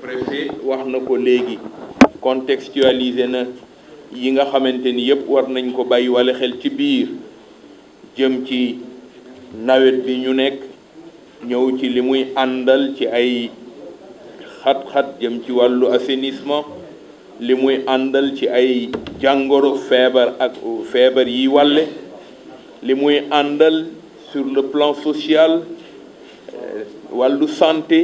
préfet wax na ko léegi contextualisé na yi nga xamante ni yëpp war nañ ko bàyyi wale xel ci biir jëm ci nawet bi ñu nekk ñëw ci li muy àndal ci ay xat-xat jëm ci wàllu assenisement li muy àndal ci ay jàngoro feebar ak feebar yi wàlle li muy àndal sur le plan social euh, wàllu santé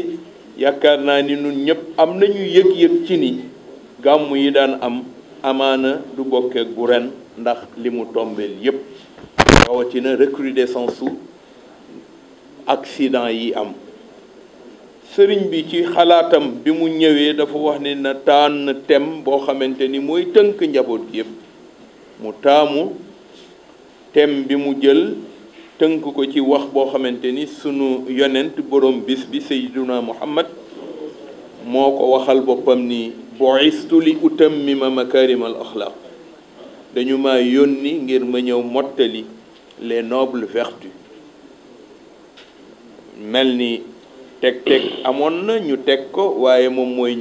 yaakaar naa ni nun ñëpp am nañu yëg-yëg ci ni gàmmu yi daan am amaana du bokke bu ren ndax li mu tombeel yëpp rawatina recrudescence su accident yi am sëriñ bi ci xalaatam bi mu ñëwee dafa wax ne na tànn thème boo xamante ni mooy tënk njaboot gi yëpp mu taamu tem bi mu jël tënk ko ci sunu yonent borom bis bi sayyiduna muhammad moo ko waxal boppam ni bu'istu li utammima makarimal axlaq dañu ma yónni ngir ma ñëw mottali les nobles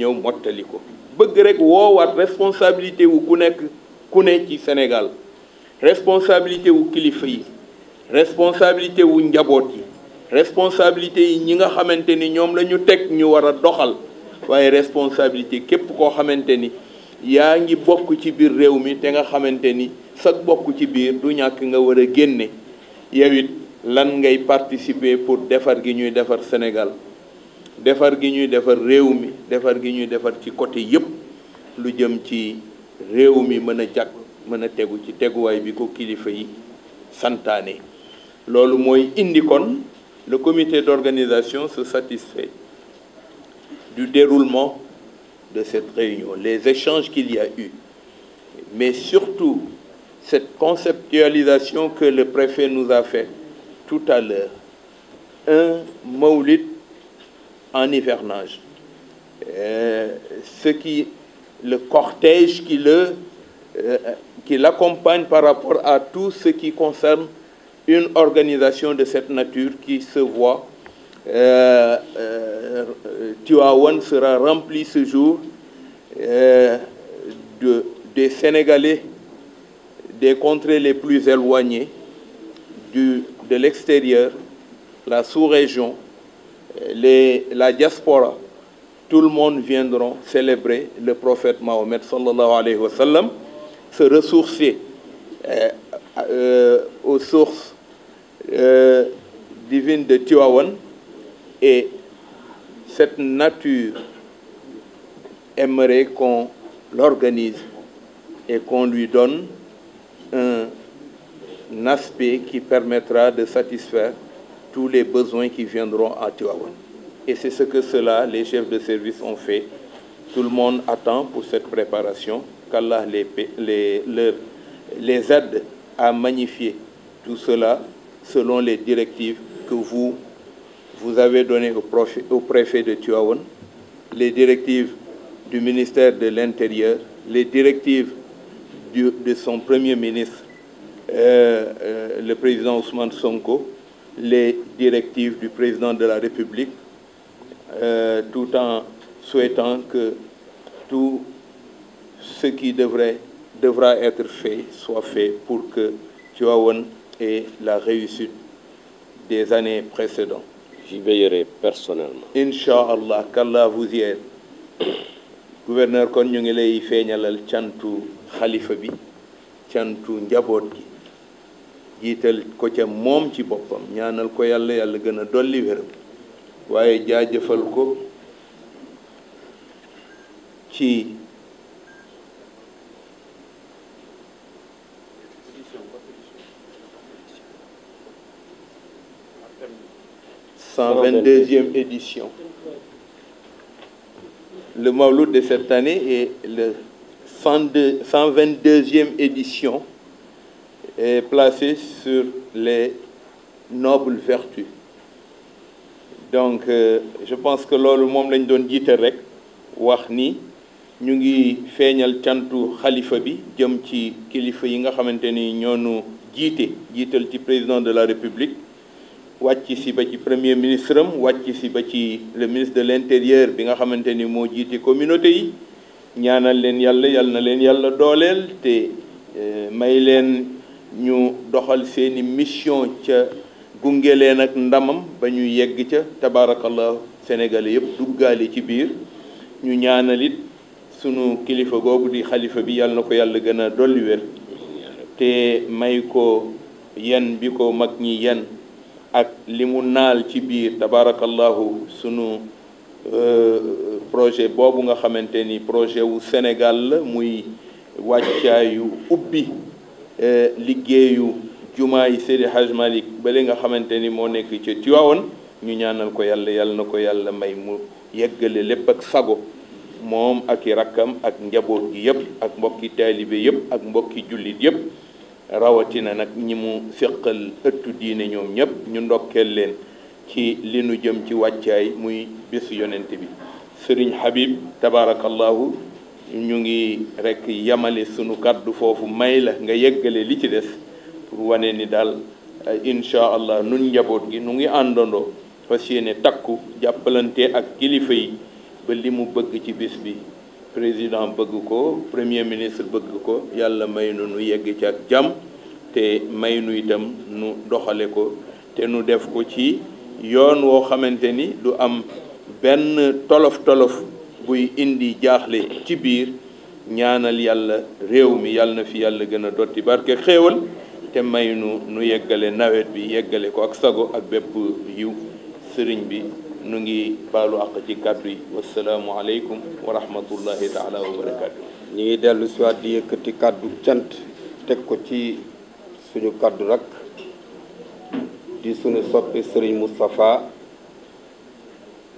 ñëw mottali ko bëgg rek woowaat responsabilité wu ku nekk ku Sénégal responsabilité wu kilifa yi responsabilité wu njaboot yi responsabilité yi ñi nga xamante ni ñoom la ñu teg ñu war a doxal waaye responsabilité képp koo xamante ni yaa ngi bokk ci biir réew mi te nga xamante ni sag bokk ci biir du ñàkk nga war a génne yow lan ngay participer pour defar gi ñuy defar Sénégal defar gi ñuy defar réew mi defar gi ñuy defar ci côté yépp lu jëm ci réew mi mën a jàkk mën a tegu ci teguwaay bi ko kilifa yi santaane le comité d'organisation se satisfait du déroulement de cette réunion, les échanges qu'il y a eu, mais surtout cette conceptualisation que le préfet nous a faite tout à l'heure. Un maulit en hivernage. Euh, ce qui, le cortège qui le... Euh, euh, par rapport à tout ce qui concerne une organisation de cette nature qui se voit. Euh, euh sera rempli ce jour euh, de, des Sénégalais des contrées les plus éloignées, du, de l'extérieur, la sous-région, la diaspora. Tout le monde viendra célébrer le prophète Mahomet sallallahu alayhi wa sallam, se ressourcer euh, aux sources euh, divine de Tiwawan et cette nature aimerait qu'on l'organise et qu'on lui donne un, aspect qui permettra de satisfaire tous les besoins qui viendront à Tiwawan. Et c'est ce que cela, les chefs de service ont fait. Tout le monde attend pour cette préparation, qu'Allah les, les, les aide à magnifier tout cela selon les directives que vous, vous avez données au, préfet de Tuaon, les directives du ministère de l'Intérieur, les directives de son Premier ministre, euh, euh, le président Ousmane Sonko, les directives du président de la République, euh, tout en souhaitant que tout ce qui devrait, devra être fait soit fait pour que Tuaon et la réussite des années précédentes. J'y veillerai personnellement. Inch'Allah, qu'Allah vous y aide. gouverneur kon ñu ngi lay feeñalal cantu Khalifa, bi cantu Njabot, gi jiital ko ca moom ci boppam ñaanal ko yàlla yàlla gën a dolli wéram waaye 122e édition. Le d'août de cette année est le 122e édition est placée sur les nobles vertus. Donc, euh, je pense que le le lañ doon dit rek nous ni ñu ngi faire cantu khalifa bi jëm ci kilifa yi nga président de la république wàcc si ba ci premier ministre am wàcc si ba ci le ministre de l'intérieur bi nga xamante ni moo jiite communauté yi ñaanal leen yàlla yàlla na leen yàlla dooleel te eh, may leen ñu doxal seeni mission ca gunge leen ak ndamam ba ñu yegg ca tabaarakallah sénégalais yëpp duggaale ci biir ñu ñaanal it sunu kilifa googu di xalifa bi yàlla na ko yàlla gën a dolli wér te may ko yen bi ko mag ñi yen ak li mu naal ci biir tabarakallahu sunu euh, projet boobu nga xamante ni projet wu Sénégal la muy wàccaayu ubbi euh, liggéeyu jumaay Seydi Hadj Malick bale nga xamante ni moo nekk ca Tiwaawan ñu ñaanal ko yàlla yàlla na ko yàlla may mu yëggale lépp ak sago moom ak i rakkam ak njaboot gi yëpp ak mbokki taalibe yëpp ak mbokki jullit yëpp rawatina nag ñi mu séqal ëttu diine ñoom ñëpp ñu ndokkeel leen ci li nu jëm ci wàccaay muy bisu yonent bi sëriñ Habib tabarakallahu ñu ngi rekk yamale sunu kàddu foofu may la nga yeggale li ci des pour wane ni daal eh, incha allah nun njaboot gi nu ngi àndandoo fas takku jàppalante ak kilifa yi ba li mu bëgg ci bis bi président bëgg ko premier ministre bëgg ko yàlla may nu nu yegg ci ak jàmm te may nu itam nu doxale ko te nu def ko ci yoon woo xamante ni du am benn tolof tolof buy indi jaaxle ci biir ñaanal yàlla réew mi yàlla na fi yàlla gën a dotti barke xéewal te may nu nu yeggale nawet bi yeggale ko ak sago ak bépp yiw sëriñ bi nu ngi baalu àq ci kàddu yi wasalaamualeykum wa rahmatullahi taala wa barakaatu ñu ngi dellu si waat di kàddu cant teg ko ci suñu kàddu rak di suñu soppe sëriñ Moustapha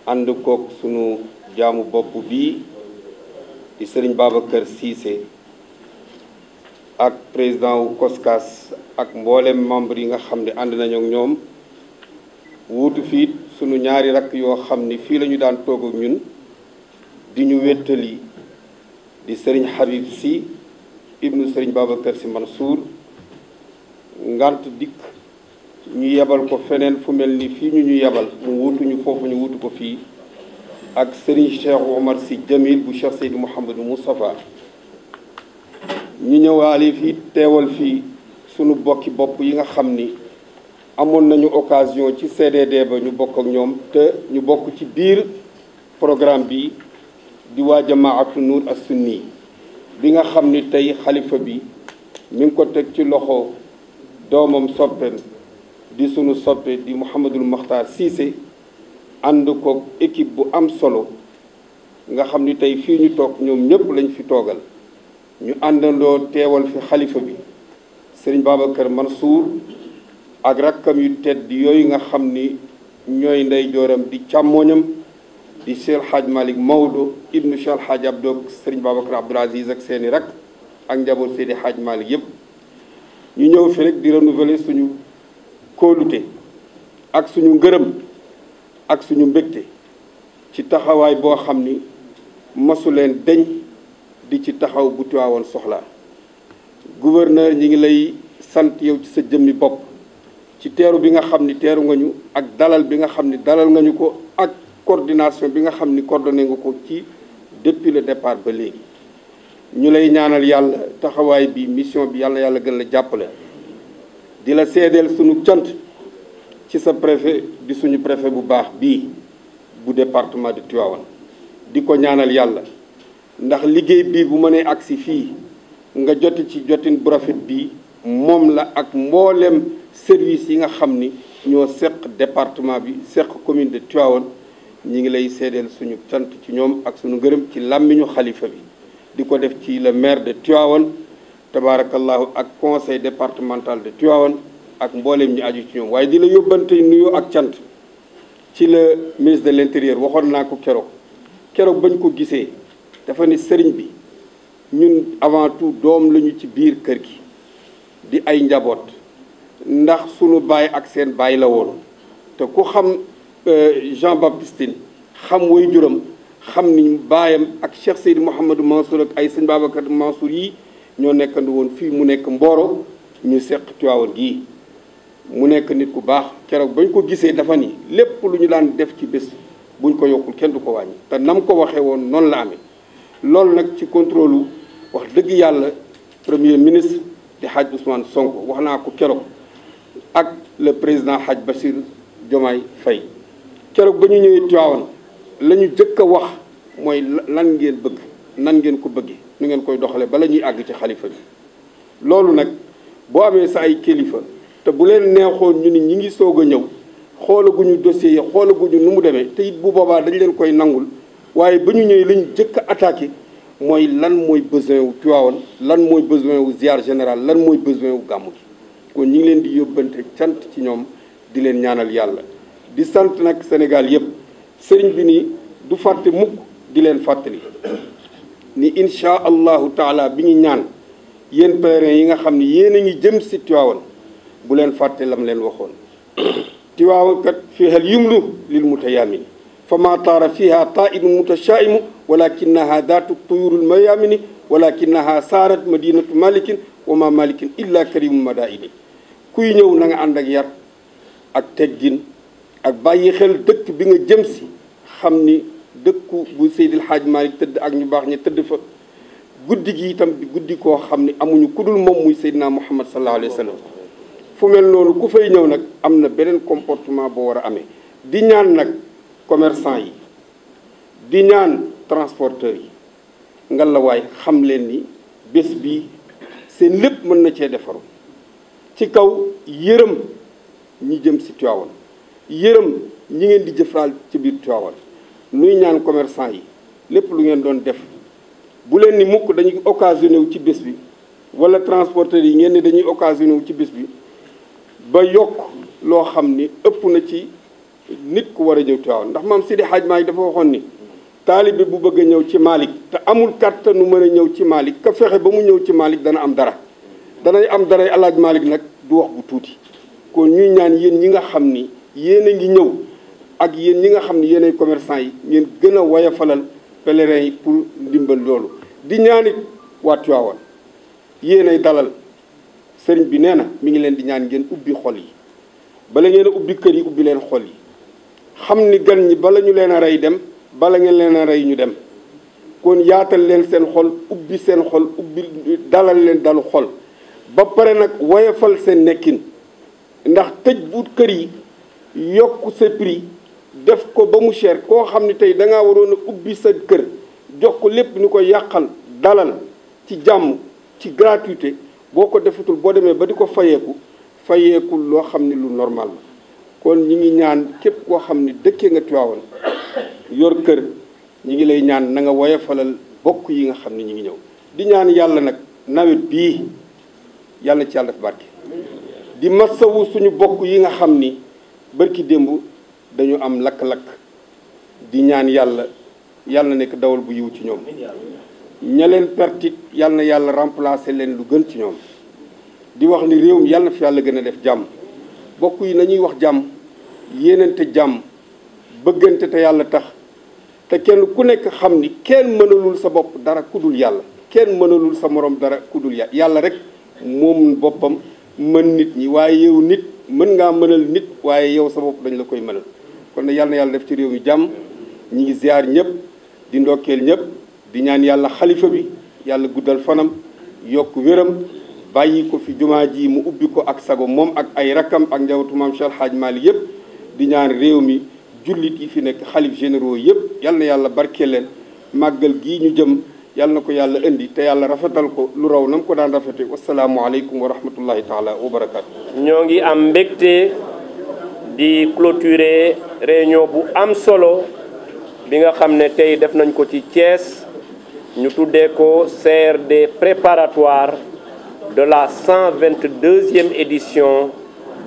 ànd kook suñu jaamu bopp bii di sëriñ Babacar Cissé ak président wu ak mboolem membre yi nga xam ne ànd nañu ak ñoom wuutu fiit sunu ñaari rak yoo xam ni fii la ñu daan toog ak ñun di ñu wéttali di sëriñ Habib si ibnu sëriñ Babacar si Mansour ngant dikk ñu yebal ko feneen fu mel ni fii ñu ñu yebal mu wutu ñu foofu ñu wutu ko fii ak sëriñ Cheikh Omar si Jamil bu Cheikh Seydou Mouhamadou Moustapha ñu ñëwaale fii teewal fii sunu bokki bopp yi nga xam ni amoon nañu occasion ci CDD ba ñu bokk ak ñoom te ñu bokk ci biir programme bi di waa jamaatu nuur ak sunni bi nga xam ni tey xalifa bi mi ngi ko teg ci loxo doomam soppeem di sunu soppe di Mouhamadul Makhtar Cissé ànd ko équipe bu am solo nga xam ni tey fii ñu toog ñoom ñëpp lañ fi toogal ñu àndandoo teewal fi xalifa bi Serigne Babacar Mansour ak rakkam yu tedd yooyu nga xam ni ñooy ndeyjooram di càmmoñam di Cheikh Hadj Malick Maodo ibnu Cheikh Hadj Abdou Serigne Babacar Abdoul Aziz ak seeni rak ak njaboot Seydi xaj Malick yëpp ñu ñëw fi rek di renouveler suñu kóolute ak suñu ngërëm ak suñu mbégte ci taxawaay boo xam ni masu leen deñ di ci taxaw bu Tiwaawoon soxlaa gouverneur ñi ngi lay sant yow ci sa jëmmi bopp ci teeru bi nga xam ni teeru nga ñu ak dalal bi nga xam ni dalal nga ñu ko ak coordination bi nga ni nga ko ci depuis le départ ba léegi ñu lay ñaanal bi mission bi yàlla yàlla gën la di la del suñu cant ci sa préfet di suñu préfet bu baax bu département de Tivaouane di ko ñaanal yàlla ndax liggéey bii bu mënee agsi fii nga joti ci jotin bu rafet bii la ak mboolem service yi nga xam ni ñoo seq département bi seq commune de Tivaouane ñi ngi lay seedeel suñu cant ci ñoom ak suñu ngërëm ci làmmiñu xalifa bi di ko def ci le maire de Tivaouane tabarakallahu ak conseil départemental de Tivaouane ak mbooleem ñu aju ci ñoom waaye di la yóbbante nuyoo ak cant ci la ministre de l'intérieur waxoon naa ko keroog keroog bañ ko gisee dafa ne sëriñ bi ñun avant tout doom lañu ci biir kër gi di ay njaboot ndax sunu baay ak seen baay la woon te ku xam euh, Jean Baptiste xam xam juróom xam ni baayam ak Cheikh Seydi Mouhamadou Mansour ak ay sëñ Babacar Mansour yi ñoo nekkandu woon fii mu nekk Mboro ñu seq Tiwaawan gi mu nekk nit ku baax keroog bañ ko gisee dafa ni lépp lu ñu daan def ci bés buñ ko yokkul kenn du ko wàññi te nam ko waxee woon noonu la amee loolu nag ci contrôle wax dëgg yàlla premier ministre di Hadj Ousmane Sonko wax naa ko keroog ak le président xaj Bassir jomaay Faye keroog ba ñu ñëwee Tivaouane la ñu jëkk wax mooy lan ngeen bëgg nan ngeen ko bëggee nu ngeen koy doxalee bala ñuy àgg ci xalifa bi loolu nag boo amee sa ay kilifa te bu leen neexoon ñu ni ñi ngi soog a ñëw xoolaguñu dossiers yi xoolaguñu nu mu demee te it bu boobaa dañu leen koy nangul waaye ba ñu ñëwee lañu jëkk a attaqué mooy lan mooy besoin wu Tivaouane lan mooy besoin wu ziar général lan mooy besoin wu gàmm gi kon ñu ngi leen di yóbbante cant ci ñoom di leen ñaanal yàlla di sant nag senegal yëpp sëriñ bi ni du fàtte mukk di leen fàttali ni incha allahu taala bi ñu ñaan yéen pèlerins yi nga xam ne yéen a ngi jëm si Tiwaawan bu leen fàtte lam leen waxoon Tiwaawan kat fiihal yumlu lil mutayaamin fama taara fiha taa'ibun mutashaa'imu walakinaha daatu tuyurul mayaamini walakinaha saarat madinatu malikin wa ma malikin illa karimu mada ili kuy ñëw na ànd ak yar ak teggin ak bàyyi xel dëkk bi nga jëm si xam ni dëkku bu Seydil xaaj Malick tëdd ak ñu baax ñi tëdd fa guddi gi itam di guddi koo xam ne amuñu ku dul moom muy Seydina Muhammad sallallahu alayhi wa sallam fu mel noonu ku fay ñëw nag am na beneen comportement boo war a amee di ñaan nag commerçant yi di ñaan transporteurs yi nga la waay xam leen ni bés bi seen lépp mën na cee defaru ci kaw yërëm ñi jëm si Tiwaawan yërëm ñi ngeen di jëfraal ci biir Tiwaawan nuy ñaan commerçant yi lépp lu ngeen doon def bu leen ni mukk dañuy occasionné wu ci bés bi wala transporteur yi ngeen ne dañuy occasionné wu ci bés bi ba yokk loo xam ni ëpp na ci nit ku war a jëw Tiwaawan ndax maam Sidi Hadj yi dafa waxoon ni taalibe bu bëgg ñëw ci Malick te amul kàttanu mën a ñëw ci Malick ka fexe ba mu ñëw ci Malick dana am dara danay am daray alaaj Malick nag du wax bu tuuti kon ñuy ñaan yéen ñi nga xam ni yéen a ngi ñëw ak yéen ñi nga xam ni yéenay commerçant yi ngeen gën a wayafalal pèlerins yi pour ndimbal loolu di ñaanit waa Tiwaawan ay dalal sëriñ bi nee na mu ngi leen di ñaan ngeen ubbi xol yi bala ngeen a ubbi kër yi ubbi leen xol yi xam ni gan ñi bala ñu leen a rey dem bala ngeen leen a rey ñu dem kon yaatal leen seen xol ubbi seen xol ubbi dalal leen dalu xol ba pare nag woyofal seen nekkin ndax tëj bu kër yi yokk sa prix def ko ba mu cher koo xam ne tey da ngaa waroon a ubbi sa kër jox ko lépp ni ko yàqal dalal ci jàmm ci gratuité boo ko defatul boo demee ba di ko fayeeku fayeeku loo xam ne lu normal la kon ñi ngi ñaan képp koo xam ni dëkkee nga Tiwaawan yor kër ñi ngi lay ñaan na nga woyofalal bokk yi nga xam ne ñi ngi ñëw di ñaan yàlla nag nawet bii yàlla ci yàlla def barke di masawu suñu bokk yi nga xam ni bërki démb dañu am lakk-lakk di ñaan yàlla yàlla nekk dawal bu yiw ci ñoom ñaleen leen pertit yàlla na yàlla remplacer leen lu gën ci ñoom di wax ni réew mi yàlla fi yàlla gën a def jàmm bokk yi nañuy wax jàmm yéenante jàmm bëggante te yàlla tax te kenn ku nekk xam ni kenn mënalul sa bopp dara kudul yàlla kenn mënalul sa morom dara kudul yàlla yàlla rek moom boppam mën nit ñi waaye yow nit mën ngaa mënal nit waaye yow sa bopp dañ la koy mënal kon na yàlla yàlla def ci réew mi jàmm ñi ngi ziar ñëpp di ndokkeel ñëpp di ñaan yàlla xalifa bi yàlla guddal fanam yokk wéram bayiko fi jumaa ji mu ubbi ko ak sago mom ak ay rakam ak njabootu mam Cheikh Hadj mal yeb di ñaan réew mi yi fi nek xalif généraux yeb yal yàlla barkel len magal gi ñu jëm yal ko yàlla indi te yàlla rafetal ko lu raw nam ko daan rafete alaykum wa rahmatullahi taala wa barakaatu. ñoo am mbekté di clôturer réunion bu am solo bi nga xamné tay tey def nañ ko ci Thiès ñu tuddé ko CRD préparatoire. de la 122e édition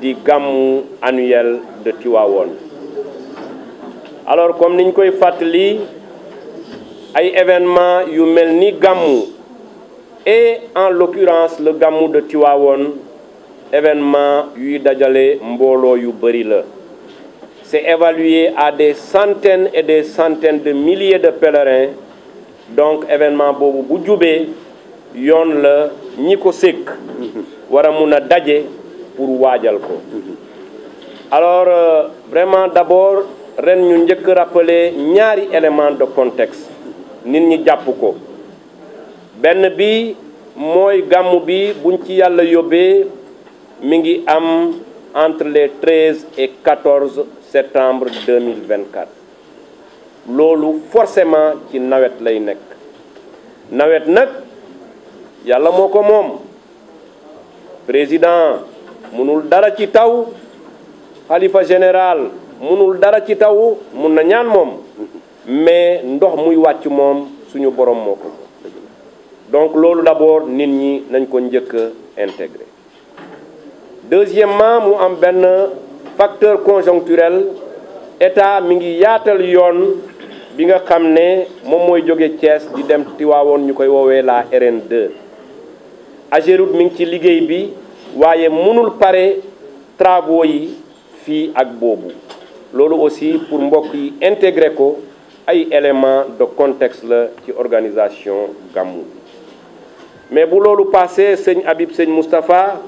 du Gamou annuel de Tiwawon. Alors comme niñ Fatli, a ay événements yu et en l'occurrence le Gamou de Tiwawon événement qui dajale mbolo C'est évalué à des centaines et des centaines de milliers de pèlerins donc événement Bobo bu yon pour alors euh, vraiment d'abord ren ñu rappeler ñaari élément de contexte nit ñi ko bi moy gamu bi am entre les 13 et 14 septembre 2024 lolu forcément ci nawet lay yàlla moo ko moom président mënul dara ci taw xalifa général mënul dara ci taw mun na ñaan moom mais ndox muy wàcc moom suñu borom moo ko donc loolu d'abord nit ñi nañ ko njëkk a intégré deuxièmement mu am benn facteur conjoncturel état mi ngi yaatal yoon bi nga xam ne moom mooy jóge Thiès di dem Tiwaawoon ñu koy woowee la rn Ageroute ming ci liggéey bi waye mënul pare travaux yi fi ak bobu lolu aussi pour mbok yi intégrer ko ay éléments de contexte la ci organisation gamou. mais bu lolu passé seigne Habib seigne Mustapha,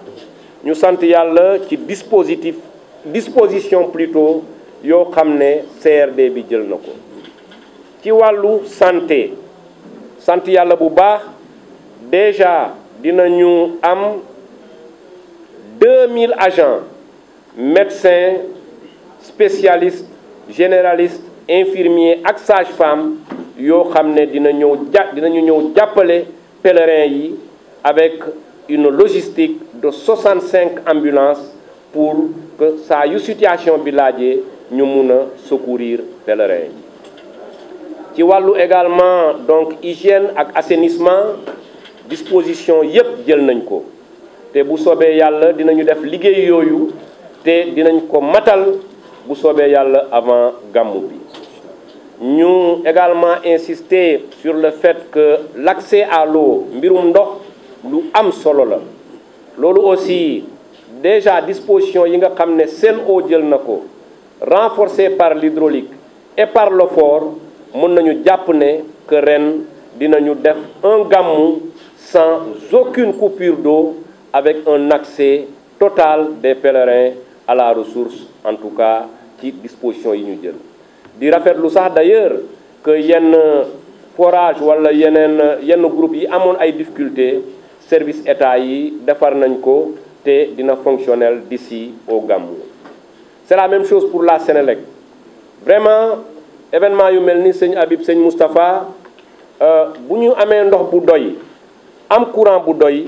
ñu sentions yalla ci dispositif disposition plutôt yo xamné CRD bi jël nako ci walu santé sant yalla bu baax déjà nous am 2000 agents médecins spécialistes généralistes infirmiers et sages-femmes qui ont appelé pèlerins avec une logistique de 65 ambulances pour que ça situation bi ñu mëna secourir pèlerins ci également donc hygiène ak assainissement disposition yep jël nañ ko te bu sobé yalla dinañu def liggéey yoyu te dinañ ko matal bu sobé avant gamubi. bi ñu également insister sur le fait que l'accès à l'eau mbirum ndox lu am solo la aussi déjà disposition yi nga xamné ne eau jël nako renforcé par l'hydraulique et par l'effort mën nañu japp né que ren dinañu def un gamu sans aucune coupure d'eau, avec un accès total des pèlerins à la ressource, en tout cas qui disposition yi ñu jël. di rafetlu sax d'ailleurs que un forage y a un groupe yi a des difficultés service état de defar nañ fonctionnel d'ici au Gamou. c'est la même chose pour la Sénélec vraiment événement yu melni Abib, Seigneur Habib sëñ Moustapha nous euh, avons amee ndox bu am courant bu doy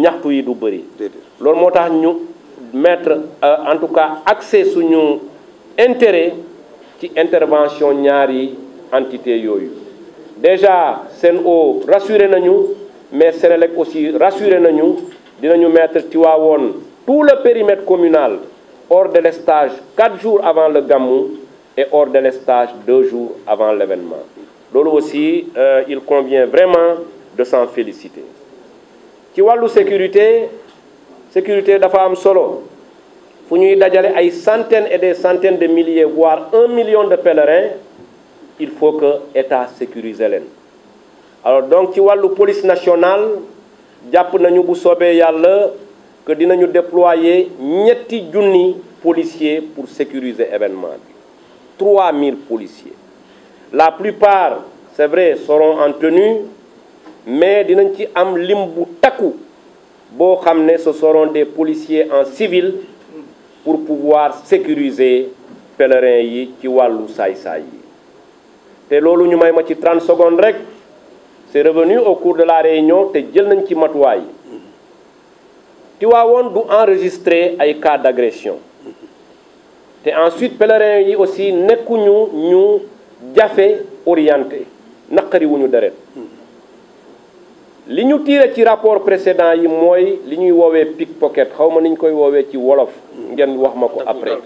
ñaxtu yi du bëri loolu moo ñu mettre euh, en tout cas accès suñu intérêt ci intervention ñaari entité yooyu déjà nous rassuré nañu mais Senelec aussi rassuré nañu dinañu mettre tout le périmètre communal hors de l'estage quatre jours avant le Gamou et hors de l'estage deux jours avant l'événement loolu aussi euh, il convient vraiment de s'en féliciter ci walu sécurité sécurité dafa am solo fu ñuy dajale ay centaines et des centaines de milliers voire un million de pèlerins il faut que état sécurise les. alors donc ci walu police nationale nous nañu bu sobé yalla que dinañu déployer ñetti policiers pour sécuriser l'événement. 3000 policiers la plupart c'est vrai seront en tenue mais dinañ ci am lim bu takku boo xam ce seront des policiers en civil pour pouvoir sécuriser pèlerins yi ci walu say say té lolu ñu may ma ci 30 secondes rek c'est revenu au cours de la réunion té jël nañ ci matuwaay Tivaouane du enregistré ay cas d'agression Et ensuite pèlerins yi aussi nekkuñu ñu jafé orienté wuñu deret li ñu tiire ci rapport précédent yi mooy li ñuy woowee pickpocket xaw ma ni ñu koy woowee ci wolof ngeen wax ma ko après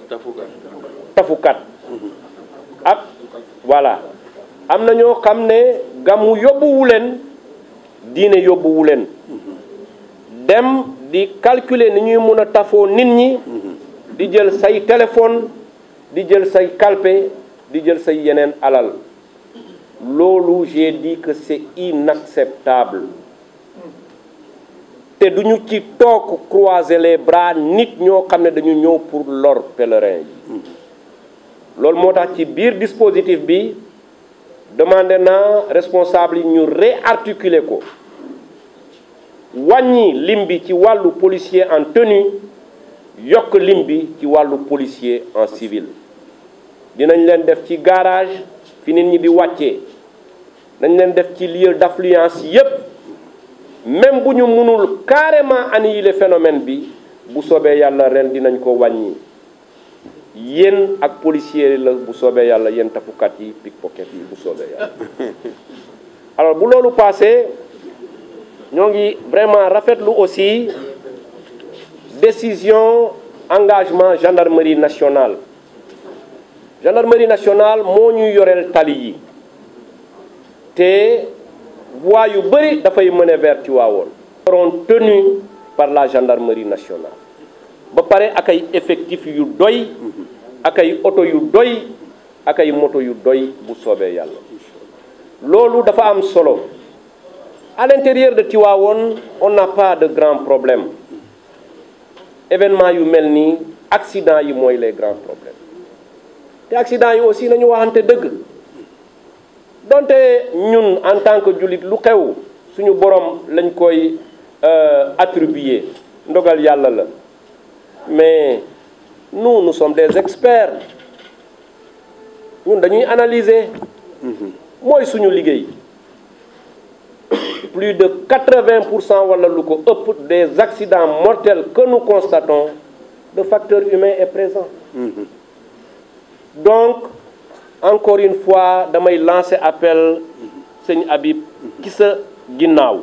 tafukat ak voilà am na ñoo xam ne gàmmu yóbbuwu leen diine yóbbuwu leen dem di calculer ni ñuy mun a tafoo nit ñi di jël say téléphone di jël say kalpe di jël say yeneen alal loolu j'ai dit que c'est inacceptable te du ñu ci toog croiser les bras nit ñoo xam ne dañu ñëw pour lor pèlerin yi loolu moo tax ci biir dispositif bi demandé na responsable yi ñu réarticuler ko wàññi lim bi ci wàllu policier en tenue yokk lim bi ci wàllu policier en civil dinañ leen def ci garage fi nit ñi bi wàccee nañ leen def ci lieu d'affluence yépp même bu ñu mënul carrément annihiler phénomène bi bu soobee yàlla ren dinañ ko wàññi yéen ak policier la bu soobee yàlla yéen tapukat yi pickpocket yi bu soobee yàlla alors bu loolu passé ñoo ngi vraiment rafetlu aussi décision engagement gendarmerie nationale gendarmerie nationale moo ñu yoreel tali yi te voies yu fay dafay vert vers Tivaouane seront tenus par la gendarmerie nationale ba y akay effectif effectifs yu doy akay auto yu doy akay moto yu doy bu soobee yàlla loolu dafa am solo à l'intérieur de Tivaouane on n'a pas de grands problèmes événement yu melni accident yi moy les grands problèmes té accident yi aussi nañu waxanté deug donc, ñun en tant que julit lu xew suñu borom lañ koy euh, attribuer ndogal yalla la mais nous nous sommes des experts ñun dañuy analyser nous mhm. suñu liggéey plus de 80 wala des accidents mortels que nous constatons le facteur humain est présent mhm. donc encore une fois damay lancer appel sëñ Habib ki sa ginnaaw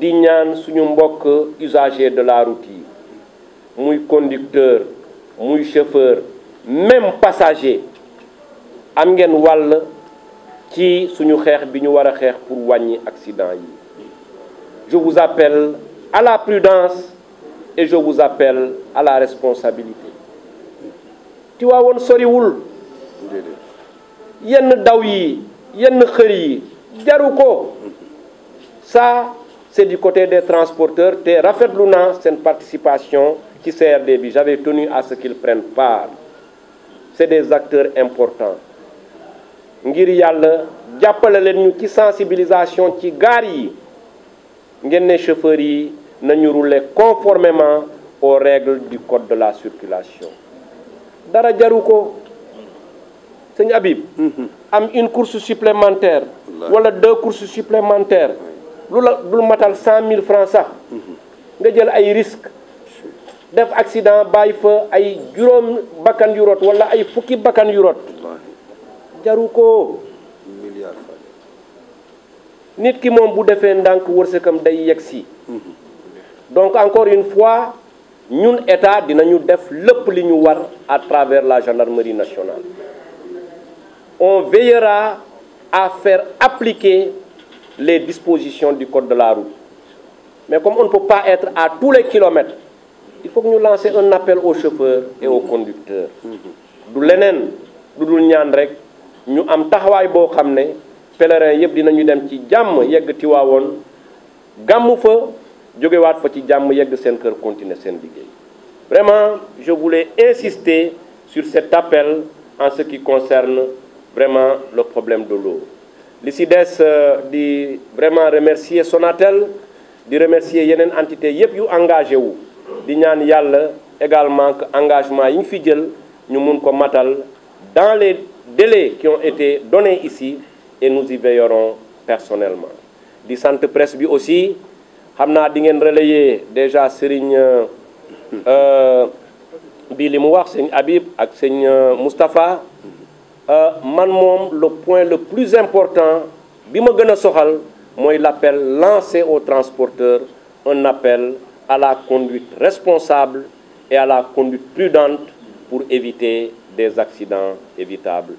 di ñaan suñu mbokk usager de la route muy conducteur muy chauffeur même passager am ngeen wàll ci suñu xex bi ñu pour wàññi accident yi je vous appelle à la prudence et je vous appelle à la responsabilité sori wul yenn daw yi yenn xër ko ça c'est du côté des transporteurs té Bluna, c'est une participation ci CRD bi j'avais tenu à ce qu'ils prennent part c'est des acteurs importants ngir yalla les len ñu sensibilisation ci garde yi ngeen ne chauffeurs yi nañu rouler conformément aux règles du code de la circulation dara jaru ko Seigneur y a une course supplémentaire, voilà deux courses supplémentaires. Nous matal 100 000 francs. Nous avons un risque. Des accidents, des feux, des bacan d'urot, voilà, des fouki bacan d'urot. Djarouko. Nit qui m'ont bout de fin d'ank, c'est comme des yaksi. Donc, encore une fois, nous, État, nous avons fait le plus à travers la gendarmerie nationale on veillera à faire appliquer les dispositions du code de la route. Mais comme on ne peut pas être à tous les kilomètres, il faut que nous lancer un appel aux chauffeurs et aux conducteurs. Mm-hmm. du leneen du dul ñaan rek ñu am taxawaay boo xam ne pèlerin yëpp dinañu dem ci jàmm yegg Tiwaawoon gàmmu fa wat fa ci jàmm yegg sen kër continuer sen liggéey. Vraiment, je voulais insister sur cet appel en ce qui concerne vraiment le problème de l'eau. L'ICIDES euh, dit vraiment remercier Sonatel dit remercier Yenen entité yep yu engagé wu dit ñaan également que engagement infidèle, nous fi jël matal dans les délais qui ont été donnés ici et nous y veillerons personnellement. di sant presse bi aussi hamna dingen di relayer déjà Serigne euh, euh, bi li mu wax sëñ Habib ak euh, man le point le plus important bi moi, lancer aux transporteurs un appel à la conduite responsable et à la conduite prudente pour éviter des accidents évitables